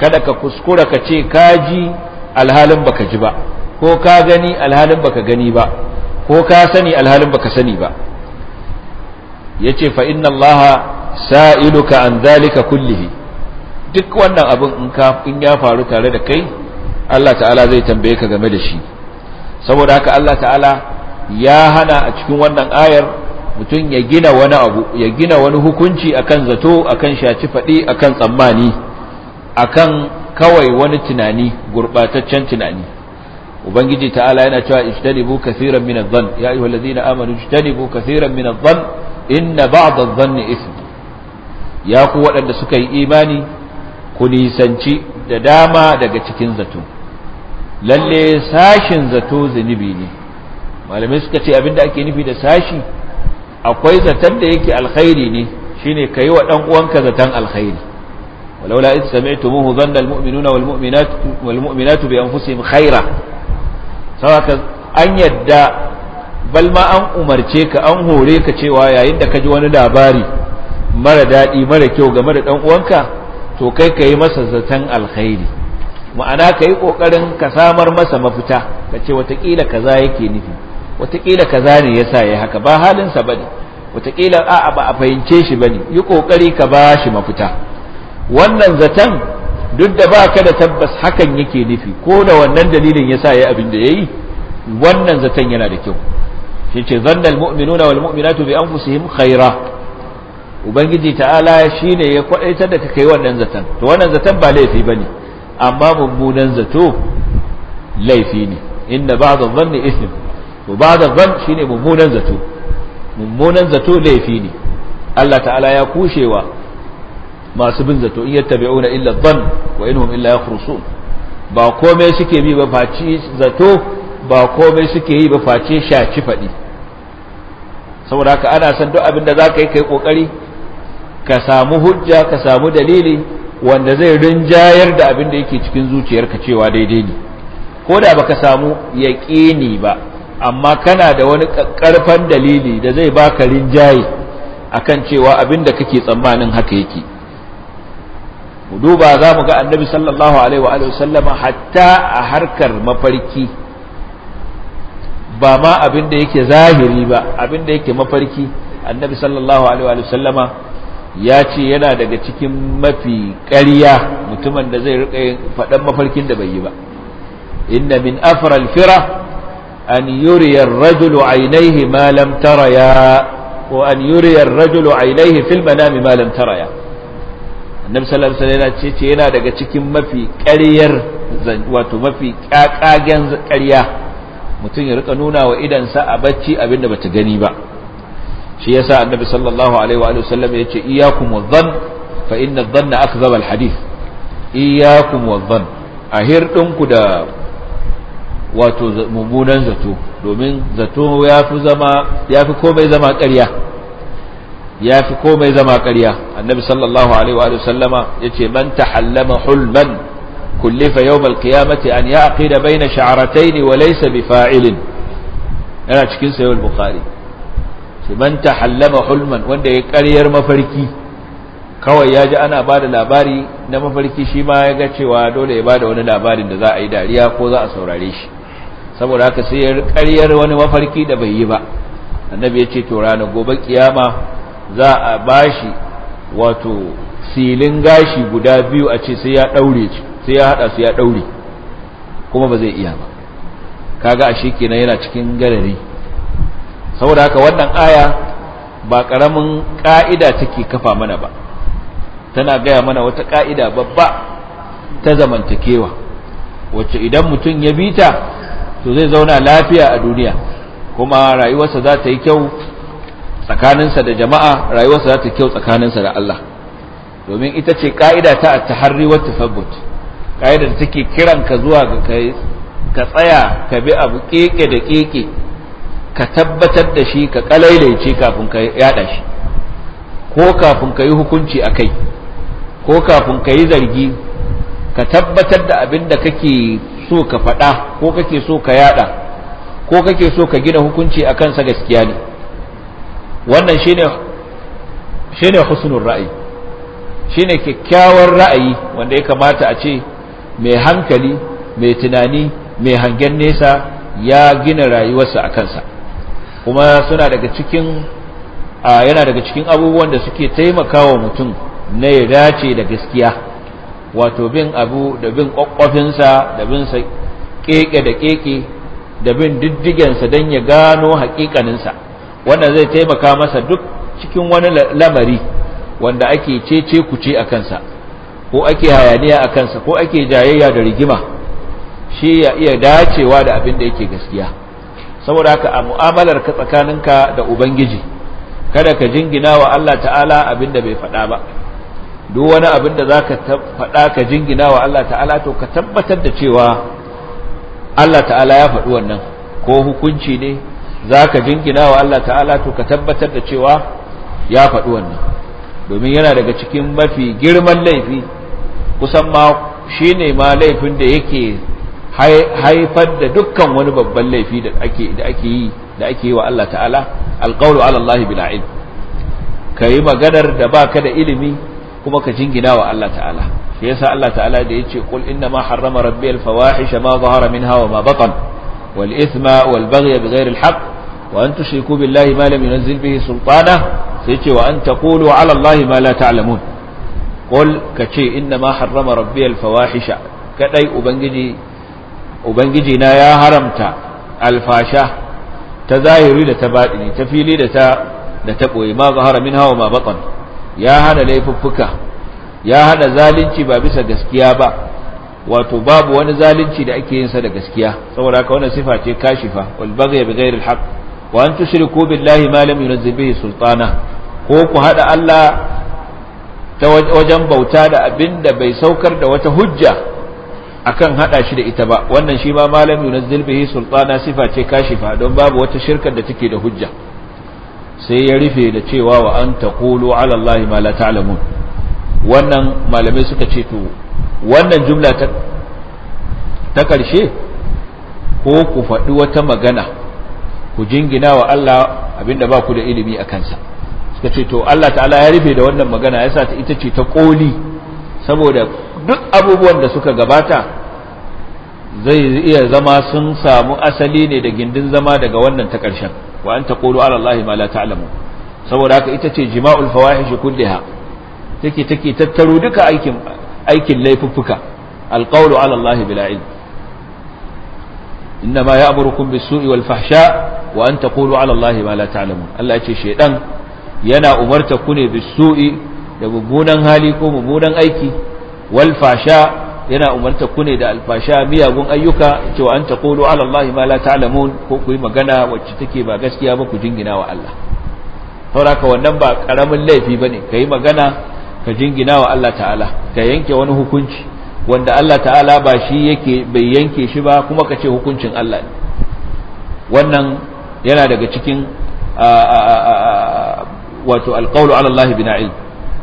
kada ka kuskura ka ce kaji alhalin baka ji ba ko ka gani alhalin baka gani ba ko ka sani alhalin baka sani ba yace fa inna allaha sa'iluka an zalika kullihi duk wannan abin in ka in ya faru tare da kai Allah ta'ala zai tambaye ka game da shi saboda haka Allah ta'ala ya hana a cikin wannan ayar mutum ya gina wani abu ya gina wani hukunci akan zato akan shaci faɗi akan tsammani akan kawai wani tunani gurbataccen tunani ubangiji ta'ala yana cewa ijtanibu kaseeran min adh-dhann ya ayyuhal ladina amanu ijtanibu kaseeran min adh-dhann inna ba'd adh-dhanni ithm ya ku waɗanda suka yi imani ku nisanci da dama daga cikin zato lalle sashin zato zunubi ne malamai suka ce abinda ake nufi da sashi akwai zaton da yake alkhairi ne shine kai wa dan uwanka zaton alkhairi walaula id sami'tumuhu dhanna almu'minuna walmu'minatu walmu'minatu bi anfusihim khaira an yadda bal ma an umarce ka an hore ka cewa yayin da ka ji wani labari mara daɗi mara kyau game da ɗan uwanka to kai ka yi masa zaton alkhairi ma'ana ka yi ƙoƙarin ka samar masa mafita ka ce watakila kaza yake nufi wataƙila kaza ne ya sa ya haka ba halinsa ba ne a'a ba a fahimce shi ba ne yi ƙoƙari ka ba shi mafita wannan zaton duk da ba ka da tabbas hakan yake nufi ko da wannan dalilin ya sa ya abin da ya yi wannan zaton yana da kyau shi ce zannal mu'minuna wal mu'minatu bi anfusihim khaira ubangiji ta'ala shine ya kwadaitar da kai wannan zaton to wannan zaton ba laifi bane amma mummunan zato laifi ne inda ba'dhu dhanni ithm to ba zan shine mummunan zato mummunan zato laifi ne Allah ta'ala ya kushewa masu bin zato in auna illa zan wa inhum illa yakhrusun ba komai suke bi ba face zato ba komai suke yi ba face shaci faɗi saboda haka ana san duk abin da za ka yi kai kokari ka samu hujja ka samu dalili wanda zai rinjayar da abin da yake cikin zuciyarka cewa daidai ne ko da baka samu yaƙini ba amma kana da wani karfan dalili da zai baka rinjaye akan cewa abinda kake tsammanin haka yake duba za mu ga annabi sallallahu alaihi wa sallama hatta a harkar mafarki ba ma abinda yake zahiri ba abinda yake mafarki annabi sallallahu alaihi wa sallama ya ce yana daga cikin mafi ƙarya mutumin da zai riƙa faɗan mafarkin da bai yi ba inna min afral fira an yuriya ar-rajulu aynayhi ma lam taraya wa an yuriya ar-rajulu aynayhi fil manami ma lam taraya annabi sallallahu alaihi wasallam ce ce yana daga cikin mafi ƙaryar wato mafi ƙaƙagen ƙarya mutum ya rika nuna wa idansa a bacci abinda bata gani ba shi yasa annabi sallallahu alaihi wa sallam ya ce iyyakum wadh-dhann fa da wato mummunan zato domin zato ya fi zama komai zama ƙarya ya fi komai zama ƙarya annabi sallallahu alaihi wa sallama yace man hallama hulman kullifa yawmal qiyamati an yaqida baina ne, walai sabi failin yana cikin sahih al-bukhari man hallama hulman wanda ya ƙaryar mafarki kawai ya ji ana bada labari na mafarki shi ma ya ga cewa dole ya bada wani labarin da za a yi dariya ko za a saurare shi saboda haka sai ya ƙaryar wani mafarki da bai yi ba annabi ya ce to ranar gobe kiyama za a bashi wato silin gashi guda biyu a ce sai ya daure sai ya hada su ya daure kuma ba zai iya ba kaga ashe kenan yana cikin garari saboda haka wannan aya ba karamin ka'ida take kafa mana ba tana gaya mana wata ka'ida babba ta zamantakewa wacce idan mutum ya bita to zai zauna lafiya a duniya kuma rayuwarsa za ta yi kyau tsakaninsa da jama'a rayuwarsa za ta yi kyau tsakaninsa da Allah domin ita ce ka'ida ta a tahri wa tasabbut ka'idar da take kiran ka zuwa ga kai ka tsaya ka bi abu keke da keke ka tabbatar da shi ka kalailaice kafin ka yada shi ko kafin ka yi hukunci a kai ko kafin ka yi zargi ka tabbatar da abin da kake so ka faɗa ko kake so ka yada ko kake so ka gina hukunci a kansa gaskiya ne wannan shi ne husnul ra'ayi shi ne kyakkyawar ra'ayi wanda ya kamata a ce mai hankali mai tunani mai hangen nesa ya gina rayuwarsa a kansa kuma suna daga cikin yana daga cikin abubuwan da suke taimakawa mutum na ya dace da gaskiya wato bin abu da bin ƙwaƙwafinsa da bin sa keke da keke da bin diddigensa don ya gano haƙiƙaninsa wanda zai taimaka masa duk cikin wani lamari wanda ake cece kuce a kansa ko ake hayaniya a kansa ko ake jayayya da rigima shi ya iya dacewa da abin da yake gaskiya saboda haka a mu'amalar ka tsakaninka da ubangiji kada ka jingina wa Allah ta'ala abin da bai faɗa ba duk wani abin da za ka faɗa ka jingina wa Allah ta'ala to ka tabbatar da cewa Allah ta'ala ya faɗi wannan ko hukunci ne za ka jingina wa Allah ta'ala to ka tabbatar da cewa ya faɗi wannan domin yana daga cikin mafi girman laifi kusan ma shi ne ma laifin da yake haifar da dukkan wani babban laifi da ake yi da ake yi wa Allah ta'ala alƙawlu ala Allah bila ka yi maganar da baka da ilimi kuma ka jingina wa Allah ta'ala shi yasa Allah ta'ala da yace qul inna ma harrama rabbi al-fawahisha ma zahara minha wa ma batan wal ithma wal baghy bighayri al-haqq wa an tushriku billahi ma lam yunzil bihi sultana sai yace wa an taqulu ala Allah ma la ta'lamun qul kace inna ma harrama rabbi al-fawahisha kadai ubangiji ubangiji na ya haramta alfasha ta zahiri da ta baɗini ta fili da ta da ta ɓoye ma zahara min hawa ma baƙon ya hana laifuffuka ya haɗa zalunci ba bisa gaskiya ba wato babu wani zalunci da ake yin sa da gaskiya saboda haka wannan sifa ce kashifa wal baghy bi ghairi al haqq wa an tushriku billahi ma lam yunzil bihi sultana ko ku hada Allah ta wajen bauta da abinda bai saukar da wata hujja akan hada shi da ita ba wannan shi ma malam yunzil bihi sultana sifa ce kashifa don babu wata shirkar da take da hujja sai ya rufe da cewa wa an ta kulu alallahi ma la ta'lamun wannan malamai suka ce to wannan jumla ta ta karshe ko ku faɗi wata magana ku jingina wa Allah abinda ba ku da ilimi a kansa suka ce to Allah ta'ala ya rufe da wannan magana ya sa ta ita ce ta koli saboda duk abubuwan da suka gabata zai iya zama sun samu asali ne da gindin zama daga wannan ta ƙarshen wa an taqulu ala allahi ma la ta'lamu saboda haka ita ce jima'ul fawahish kulliha take take tattaro duka aikin aikin laifuffuka alqawlu ala allahi bila ilm inma ya'murukum bis-su'i wal fahsha wa an taqulu ala allahi ma la ta'lamu Allah ya ce shedan yana umarta ku ne bis-su'i da mummunan hali ko mummunan aiki wal fahsha yana umarta ku ne da alfasha miyagun ayyuka cewa an taqulu ala allahi ma la ta'lamun ko ku yi magana wacce take ba gaskiya ba ku jingina wa Allah sauraka wannan ba karamin laifi bane kai magana ka jingina wa Allah ta'ala ka yanke wani hukunci wanda Allah ta'ala ba shi yake bai yanke shi ba kuma ka ce hukuncin Allah ne wannan yana daga cikin wato alqawlu ala allahi bina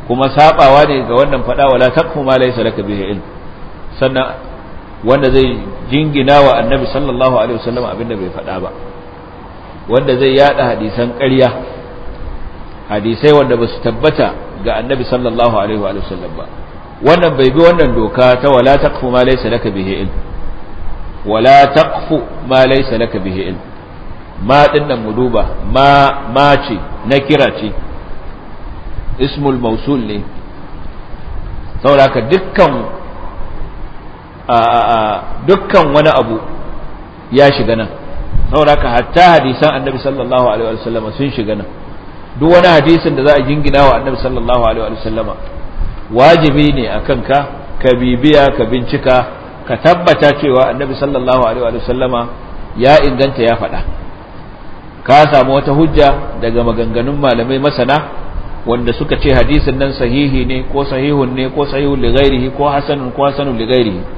kuma sabawa ne ga wannan fada wala taqfu ma laysa laka bihi ilm sannan wanda zai jingina wa annabi sallallahu alaihi wasallam abinda bai faɗa ba wanda zai yada hadisan ƙarya hadisai wanda ba su tabbata ga annabi sallallahu alaihi wasallam ba wannan bai bi wannan doka ta wala taqfu ma laysa laka bihi ilm wala taqfu ma laysa laka bihi ilm ma din nan mu duba ma ma ce na kira ce ismul mausul ne saboda dukkan dukkan wani abu ya shiga nan saboda hatta hadisan annabi sallallahu alaihi wa sallama sun shiga nan duk wani hadisin da za a jingina wa annabi sallallahu alaihi wa sallama wajibi ne akan ka ka bibiya ka bincika ka tabbata cewa annabi sallallahu alaihi wa sallama ya inganta ya faɗa ka samu wata hujja daga maganganun malamai masana wanda suka ce hadisin nan sahihi ne ko sahihun ne ko sahihun li ghairihi ko hasanun ko hasanun li ghairihi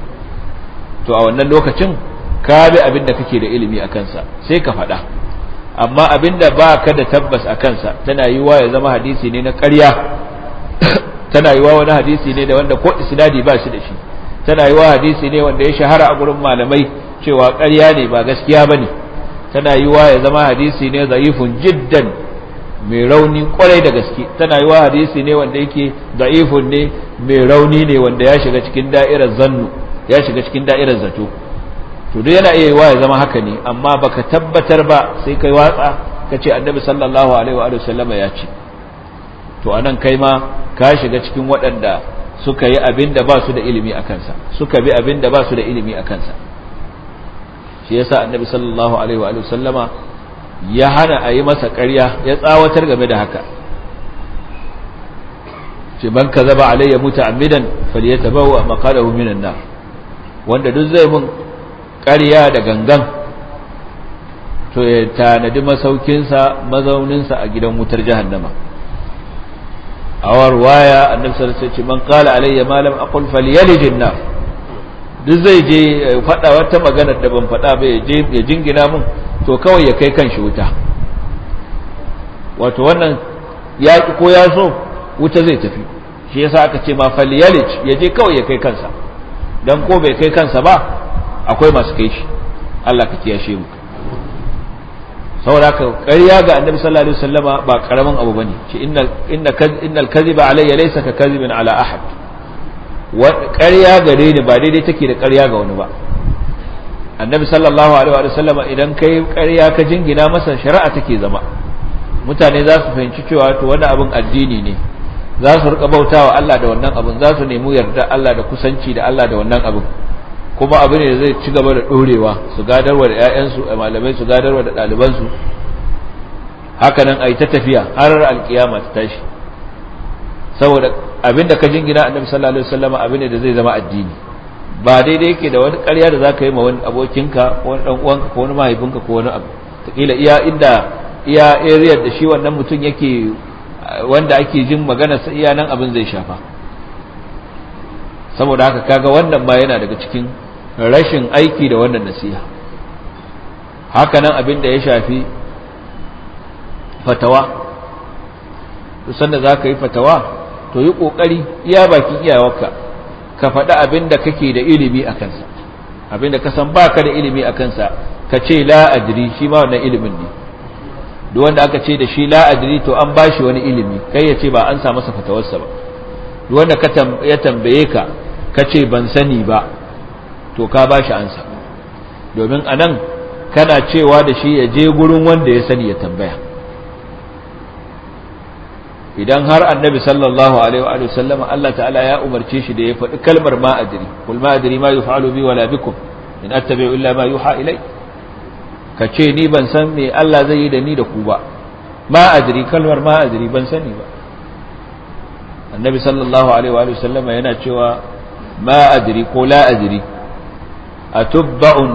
to a wannan lokacin ka bi abin da kake da ilimi a kansa sai ka faɗa amma abin da ba ka da tabbas a kansa tana wa ya zama hadisi ne na ƙarya tana yiwa wani hadisi ne da wanda ko isnadi ba shi da shi tana yiwa hadisi ne wanda ya shahara a gurin malamai cewa ƙarya ne ba gaskiya ba ne tana wa ya zama hadisi ne za'ifun jiddan mai rauni kwarai da gaske tana yiwa hadisi ne wanda yake za'ifun ne mai rauni ne wanda ya shiga cikin da'irar zannu ya shiga cikin da'irar zato to duk yana iya wa ya zama haka ne amma baka tabbatar ba sai kai watsa ka ce annabi sallallahu alaihi wa sallama ya ce to anan kai ma ka shiga cikin waɗanda suka yi abin da ba su da ilimi a kansa suka bi abin da ba su da ilimi a kansa shi yasa annabi sallallahu alaihi wa sallama ya hana a yi masa ƙarya ya tsawatar game da haka ce ban kaza ba alayya muta'ammidan falyatabawa maqalahu minan nar wanda duk zai mun ƙarya da gangan to ya tanadi masaukinsa mazauninsa a gidan wutar jahannama a warwaya annabi sallallahu alaihi wasallam man qala alayya ma lam aqul falyalijin na. duk zai je faɗa wata magana da ban faɗa ba ya je ya jingina mun to kawai ya kai kan shi wuta wato wannan ya ko ya so wuta zai tafi shi yasa aka ce ma falyalij ya je kawai ya kai kansa dan ko bai kai kansa ba akwai masu kai shi Allah ka kiyashe mu saboda haka ƙarya ga annabi sallallahu alaihi wasallama ba karamin abu bane ce inna inna innal kadhiba alayya laysa ka kadhibin ala ahad ƙarya gare ni ba daidai take da ƙarya ga wani ba annabi sallallahu alaihi wasallama idan kai ƙarya ka jingina masa shari'a take zama mutane za su fahimci cewa to wani abin addini ne za su rika bautawa Allah da wannan abin za su nemi yarda Allah da kusanci da Allah da wannan abin kuma abin ne zai ci gaba da dorewa su gadarwa da ƴaƴansu malamai su gadarwa da ɗalibansu haka nan ai ta tafiya har alkiyama ta tashi saboda abin da ka jingina annabi sallallahu alaihi wasallam abin ne da zai zama addini ba daidai yake da wani ƙarya da zaka yi ma wani abokinka ko wani dan uwanka ko wani mahaifinka ko wani abu kila iya inda iya area da shi wannan mutum yake wanda ake jin magana sa iya nan abin zai shafa saboda haka kaga wannan ba yana daga cikin rashin aiki da wannan nasiha haka nan abin da ya shafi fatawa to da za yi fatawa to yi ƙoƙari iya baki iyawarka ka faɗi abin da kake da ilimi a kansa abin da ka san baka da ilimi a kansa ka ce la adri shi ma wannan ilimin ne duk wanda aka ce da shi la adri to an bashi wani ilimi kai ya ce ba an sa masa fatawarsa ba duk wanda ka ya tambaye ka ka ce ban sani ba to ka bashi ansa domin anan kana cewa da shi ya je gurin wanda ya sani ya tambaya idan har annabi sallallahu alaihi wa sallama Allah ta'ala ya umarce shi da ya faɗi kalmar ma adri kul ma adri ma yuf'alu bi wala bikum in attabi'u illa ma yuha ilayya ka ce ni ban san me Allah zai yi da ni da ku ba ma adri kalmar ma adri ban sani ba annabi sallallahu alaihi wa sallama yana cewa ma adri ko la adri atubba'un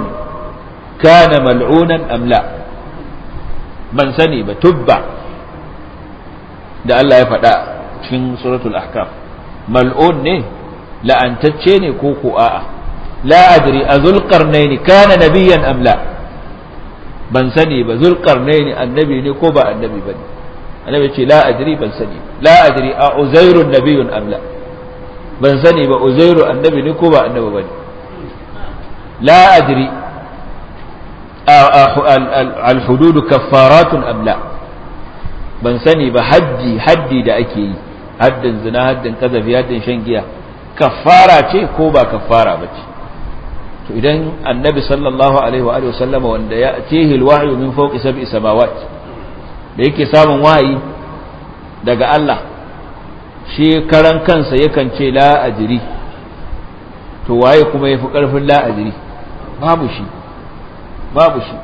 kana mal'unan amla. ban sani ba tubba da Allah ya faɗa cikin suratul ahkam mal'un ne la'antacce ne ko ko a'a la adri azul qarnaini kana nabiyyan am la' ban sani ba ne zulqarnain annabi ne ko ba annabi bane annabi ce la adri ban sani la adri a uzairu nabiyyun am la ban sani ba uzairu annabi ne ko ba annabi bane la adri al hudud kaffaratun Amla. ban sani ba haddi haddi da ake yi haddin zina haddin kazafi haddin shan giya kaffara ce ko ba kaffara ba ce to idan annabi sallallahu alaihi wa alihi sallama wanda ya tihi alwahyu min fawqi sab'i samawat da yake samun wahayi daga Allah shi karan kansa yakan ce la ajri to waye kuma yafi karfin la ajri babu shi babu shi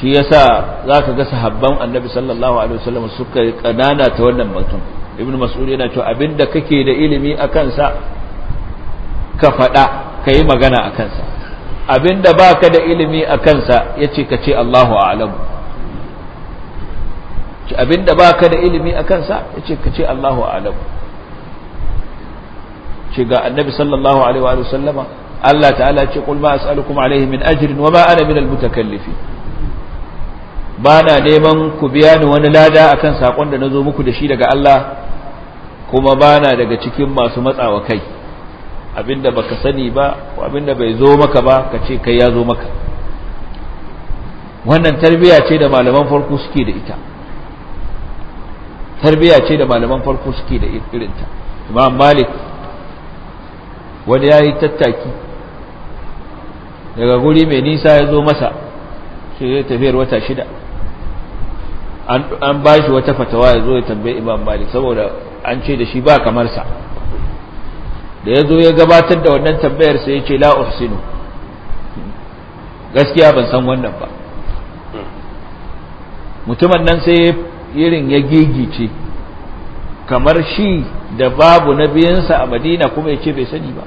shi yasa zaka ga sahabban annabi sallallahu alaihi wasallam suka kanana ta wannan batun ibnu mas'ud yana cewa abinda kake da ilimi akan sa ka faɗa ka yi magana a kansa abinda ba ka da ilimi a kansa ya ce ka ce Allahu a'lamu abinda ba ka da ilimi a kansa ya ce ka ce Allahu a'lamu ce ga annabi sallallahu alaihi wa sallama Allah ta'ala ce qul ma as'alukum alaihi min ajrin wa ma ana min al-mutakallifi ba na neman ku biya ni wani lada akan saƙon da nazo muku da shi daga Allah kuma ba na daga cikin masu matsawa kai abinda baka sani ba ko abinda bai zo maka ba ka ce kai ya zo maka wannan tarbiya ce da malaman farko suke da ita tarbiya ce da malaman farko suke da irinta imam malik wani ya yi tattaki daga guri mai nisa ya zo masa sai zai tafiyar wata shida an ba shi wata fatawa ya zo ya tambaye imam malik saboda an ce da shi ba kamar sa da ya zo ya gabatar da wannan tambayar sai ya ce la uhsinu gaskiya ban san wannan ba mutumin nan sai irin ya gigice kamar shi da babu nabiyinsa a madina kuma ya ce bai sani ba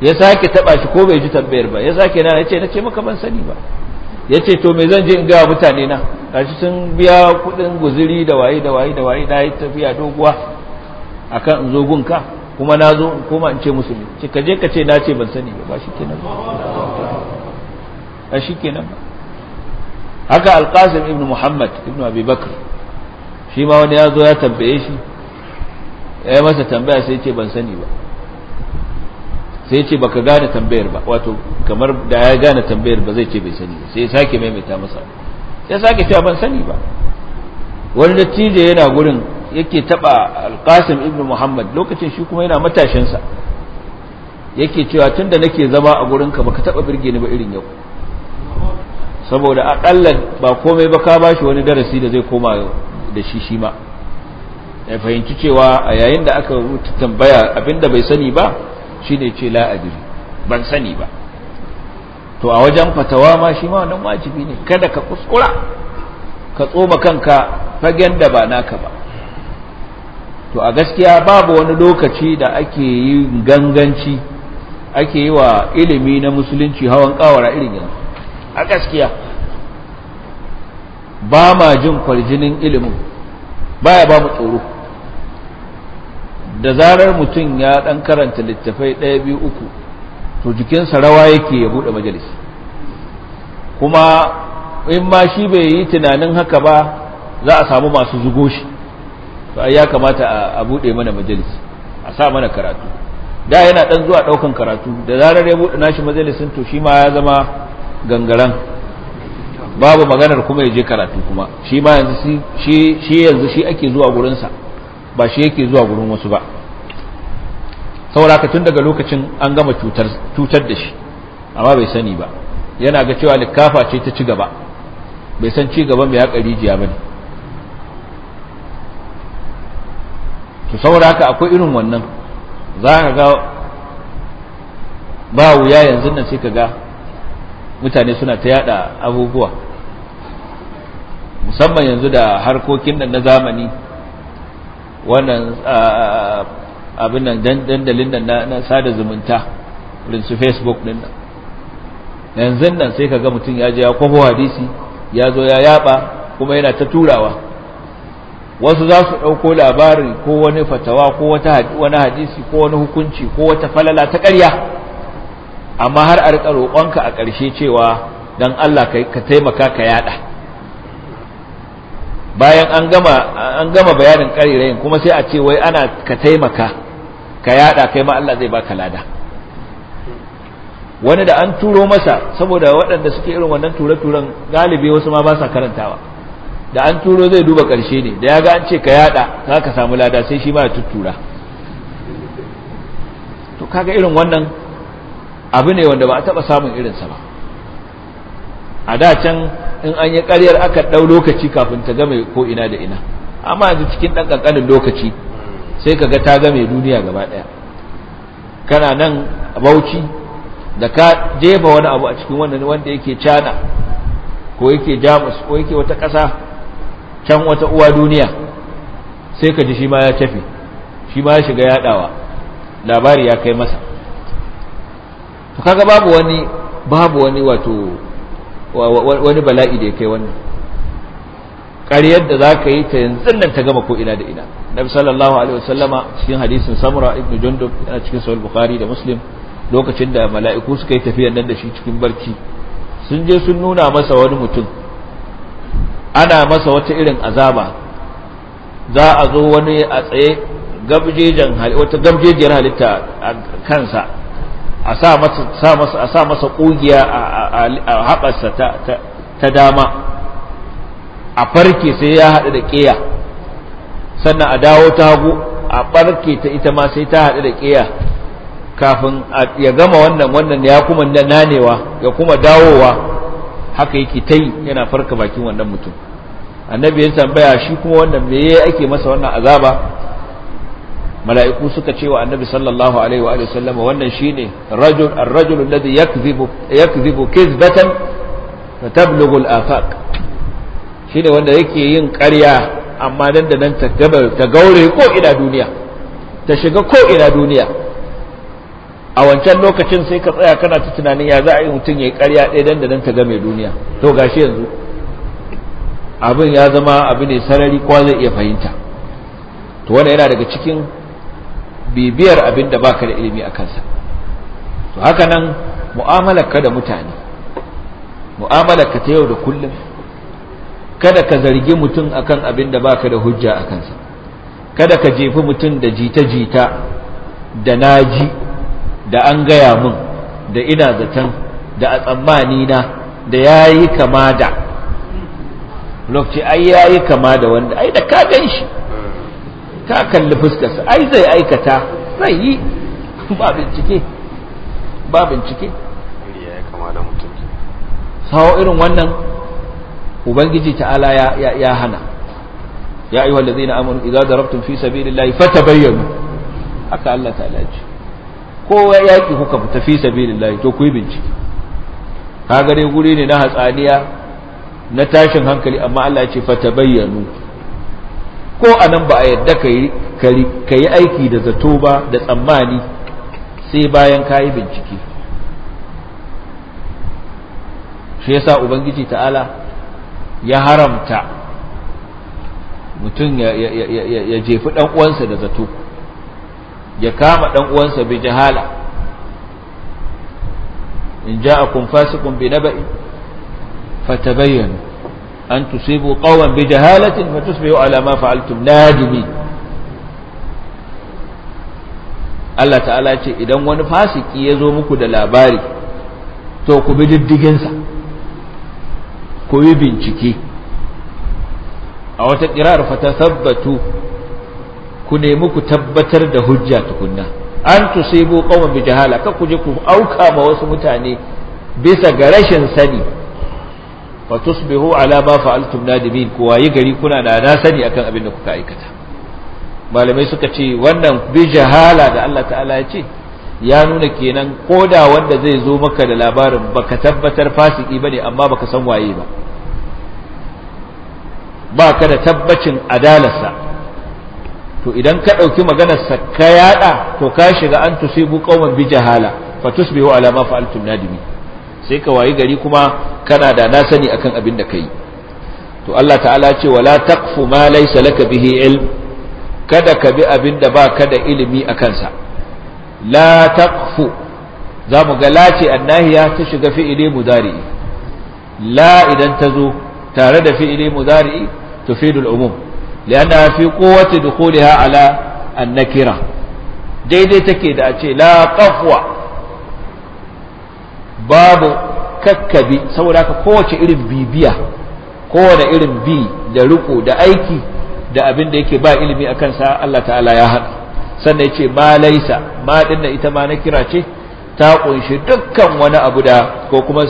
ya sake taba shi ko bai ji tambayar ba ya sake na ya ce na ce maka ban sani ba ya ce to me zan je in gawa mutane na ƙarshe sun biya kudin guziri da waye da waye da waye na yi tafiya doguwa akan in zo gunka kuma na zo in koma in ce musu ne ka je ka ce na ce ban sani ba shi kenan ba shi kenan ba haka alqasim ibn muhammad ibn abi bakr shi ma wani ya zo ya tambaye shi ya masa tambaya sai ce ban sani ba sai ce baka gane tambayar ba wato kamar da ya gane tambayar ba zai ce bai sani ba sai sake maimaita masa ya sake cewa ban sani ba wani dattijo yana gurin yake taba alqasim ibn muhammad lokacin shi kuma yana matashinsa yake cewa tunda nake zama a gurinka baka taba birge ni ba irin yau saboda akalla ba komai ba ka bashi wani darasi da zai koma da shi shi ma ya fahimci cewa a yayin da aka rubuta tambaya abinda bai sani ba shine ce la ban sani ba to a wajen fatawa ma shi ma wannan wajibi ne kada ka kuskura ka tsoma kanka fagen da ba naka ba to a gaskiya babu wani lokaci da ake yi ganganci ake yi wa ilimi na musulunci hawan kawara irin yanzu a gaskiya ba ma jin kwarjinin ilimin baya ba mu tsoro da zarar mutum ya ɗan karanta littafai ɗaya biyu uku to jikinsa rawa yake ya buɗe majalis kuma in ma shi bai yi tunanin haka ba za a samu masu zugo shi to ai ya kamata a bude mana majalisi a sa mana karatu da yana dan zuwa daukan karatu da zarar ya bude nashi majalisin to shi ma ya zama gangaran babu maganar kuma ya je karatu kuma shi ma yanzu shi shi yanzu shi ake zuwa gurin sa ba shi yake zuwa gurin wasu ba saboda tun daga lokacin an gama cutar cutar da shi amma bai sani ba yana ga cewa likafa ce ta ci gaba bai san ci gaban mai haƙa rijiya ba ne to saboda haka akwai irin wannan za ka ga ba wuya yanzu nan sai ka ga mutane suna ta yada abubuwa musamman yanzu da harkokin nan na zamani wannan abin nan dandalin nan na sada zumunta irin su facebook din nan yanzu nan sai ka ga mutum ya je ya kwafo hadisi ya zo ya yaba kuma yana ta turawa wasu za su ɗauko labarin ko wani fatawa ko wani hadisi ko wani hukunci ko wata falala ta ƙarya amma har a riƙa roƙonka a ƙarshe cewa don Allah ka taimaka ka yaɗa bayan an gama bayanin ƙarirayin kuma sai a ce wai ana ka taimaka ka yaɗa kai ma Allah zai baka lada wani da an turo masa saboda waɗanda suke irin wannan ture-turen galibi wasu ma ba sa karantawa da an turo zai duba ƙarshe ne da ya ga an ce ka yada za ka samu lada sai shi ma ya tuttura to kaga irin wannan abu ne wanda ba a taɓa samun irinsa ba a da can in an yi ƙaryar aka ɗau lokaci kafin ta game ko ina da ina amma yanzu cikin ɗan ƙanƙanin lokaci sai ka ga ta game duniya gaba ɗaya kana nan a bauchi da ka jefa wani abu a cikin wannan wanda yake cana ko yake jamus ko yake wata ƙasa can wata uwa duniya sai ka ji shi ma ya tafi shi ma ya shiga yadawa labari ya kai masa to kaga babu wani babu wani wato wani bala'i da ya kai wannan ƙaryar da za ka yi ta yanzu nan ta gama ko ina da ina nabi sallallahu alaihi wasallama cikin hadisin samura ibnu jundub yana cikin sahih bukhari da muslim lokacin da mala'iku suka yi tafiyar nan da shi cikin barci sun je sun nuna masa wani mutum ana masa wata irin azaba za a zo wani a tsaye wata gabjejiyar halitta a kansa a sa masa ƙugiya a haɓarsa ta dama a farke sai ya haɗu da ƙeya sannan a dawo ta hagu a ɓarke ta ita ma sai ta haɗu da ƙeya kafin ya gama wannan wannan ya kuma nanewa ya kuma dawowa haka yake ta yi yana farka bakin wannan mutum annabi ya tambaya shi kuma wannan me ya ake masa wannan azaba mala'iku suka ce wa annabi sallallahu alaihi wa sallam wannan shine rajul ar-rajul alladhi yakdhibu yakdhibu kizbatan fatablughu al shi shine wanda yake yin karya amma nan da nan ta gaure ko ina duniya ta shiga ko ina duniya a wancan lokacin sai ka tsaya kana ta tunanin ya za a yi mutum ya yi karya ɗaya dan da nan ta game duniya to gashi yanzu abin ya zama abu ne sarari kowa zai iya fahimta to wannan yana daga cikin bibiyar abin da baka da ilimi a kansa to haka nan mu'amalarka da mutane mu'amalarka ta yau da kullum kada ka zargi mutum akan abin da baka da hujja a kansa kada ka jefi mutum da jita-jita da naji da an gaya mun da ina zaton da a tsammani na da yi kama da lokaci ai ya yi kama da wanda ai da ka gan shi ka kalli fuskarsa ai zai aikata zai yi ba bincike ba bincike sawo irin wannan ubangiji ta'ala ya ya hana ya amurin idan da rabtun fi sabilillahi fatabayyanu haka Allah ta ya ce kowa yaƙi kuka fita fi layi to ku yi bincike kaga dai guri ne na hatsaniya na tashin hankali amma Allah ya ce bayyanu? ko anan ba a yadda ka yi aiki da zato ba da tsammani sai bayan ka yi bincike shi yasa ubangiji ta'ala ya haramta mutum ya jefi ɗan uwansa da zato ya kama dan uwansa bi jahala in ja'akum fasiqun bi naba'in fatabayyanu an tusibu qawman bi jahalatin fatusbihu ala ma fa'altum nadimi Allah ta'ala ce idan wani fasiki ya zo muku da labari to ku bi diddiginsa ku yi bincike a wata ƙirar fata sabbatu ku nemi ku tabbatar da hujja tukunna an tusibu qauman bi jahala ka ku je ku auka ma wasu mutane bisa ga rashin sani fa tusbihu ala ma fa'altum nadimin ku wayi gari kuna da na sani akan abin da kuka aikata malamai suka ce wannan bi jahala da Allah ta'ala ya ce ya nuna kenan koda wanda zai zo maka da labarin baka tabbatar fasiki bane amma baka san waye ba ba ka da tabbacin adalarsa to idan ka ɗauki maganarsa ka yaɗa to ka shiga an tusibu qauman bi jahala fa tusbihu ala ma fa'altum nadimi sai ka wayi gari kuma kana da na sani akan abin da kai to Allah ta'ala ce wala taqfu ma laysa laka bihi ilm kada ka bi abin da ba ka da ilimi a kansa la taqfu za mu ga la ce annahiya ta shiga fi'ili mudari la idan ta zo tare da fi'ili mudari tufidul umum lianna fi quwwati dukhuliha ala annakira daidai take da a ce la qafwa babu kakkabi saboda ka kowace irin bibiya kowane irin bi da riko da aiki da abin da yake ba ilimi a kansa Allah ta'ala ya haɗa sannan ce ma laisa ma ita ma na kira ce ta kunshi dukkan wani abu da ko kuma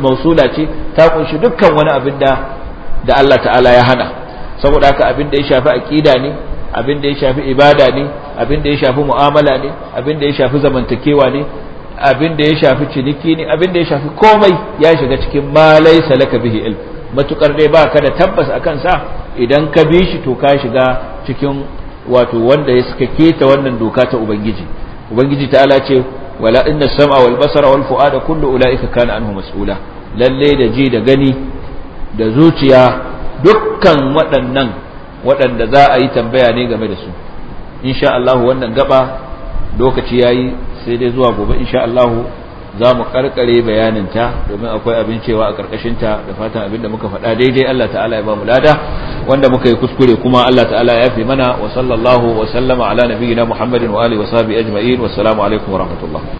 mausula ce ta kunshi dukkan wani abin da da Allah ta'ala ya hana saboda haka abin da ya shafi aqida ne abin da ya shafi ibada ne abin da ya shafi mu'amala ne abin da ya shafi zamantakewa ne abin da ya shafi ciniki ne abin da ya shafi komai ya shiga cikin ma laysa laka bihi ilm matukar dai baka da tabbas akan sa idan ka bi shi to ka shiga cikin wato wanda ya suka keta wannan doka ta ubangiji ubangiji ta'ala ce wala inna sam'a wal basara wal fu'ada kullu ulaika kana anhu mas'ula lalle da ji da gani da zuciya dukkan waɗannan waɗanda za a yi tambaya ne game da su insha Allah wannan gaba lokaci ya yi sai dai zuwa gobe insha Allah za mu karkare bayaninta domin akwai abin cewa a karkashinta da fatan abin da muka faɗa daidai Allah ta'ala ya ba mu lada wanda muka yi kuskure kuma Allah ta'ala ya fi mana wa sallallahu wa sallama ala Muhammadin wa alihi wa sahbihi ajma'in wassalamu alaikum wa rahmatullah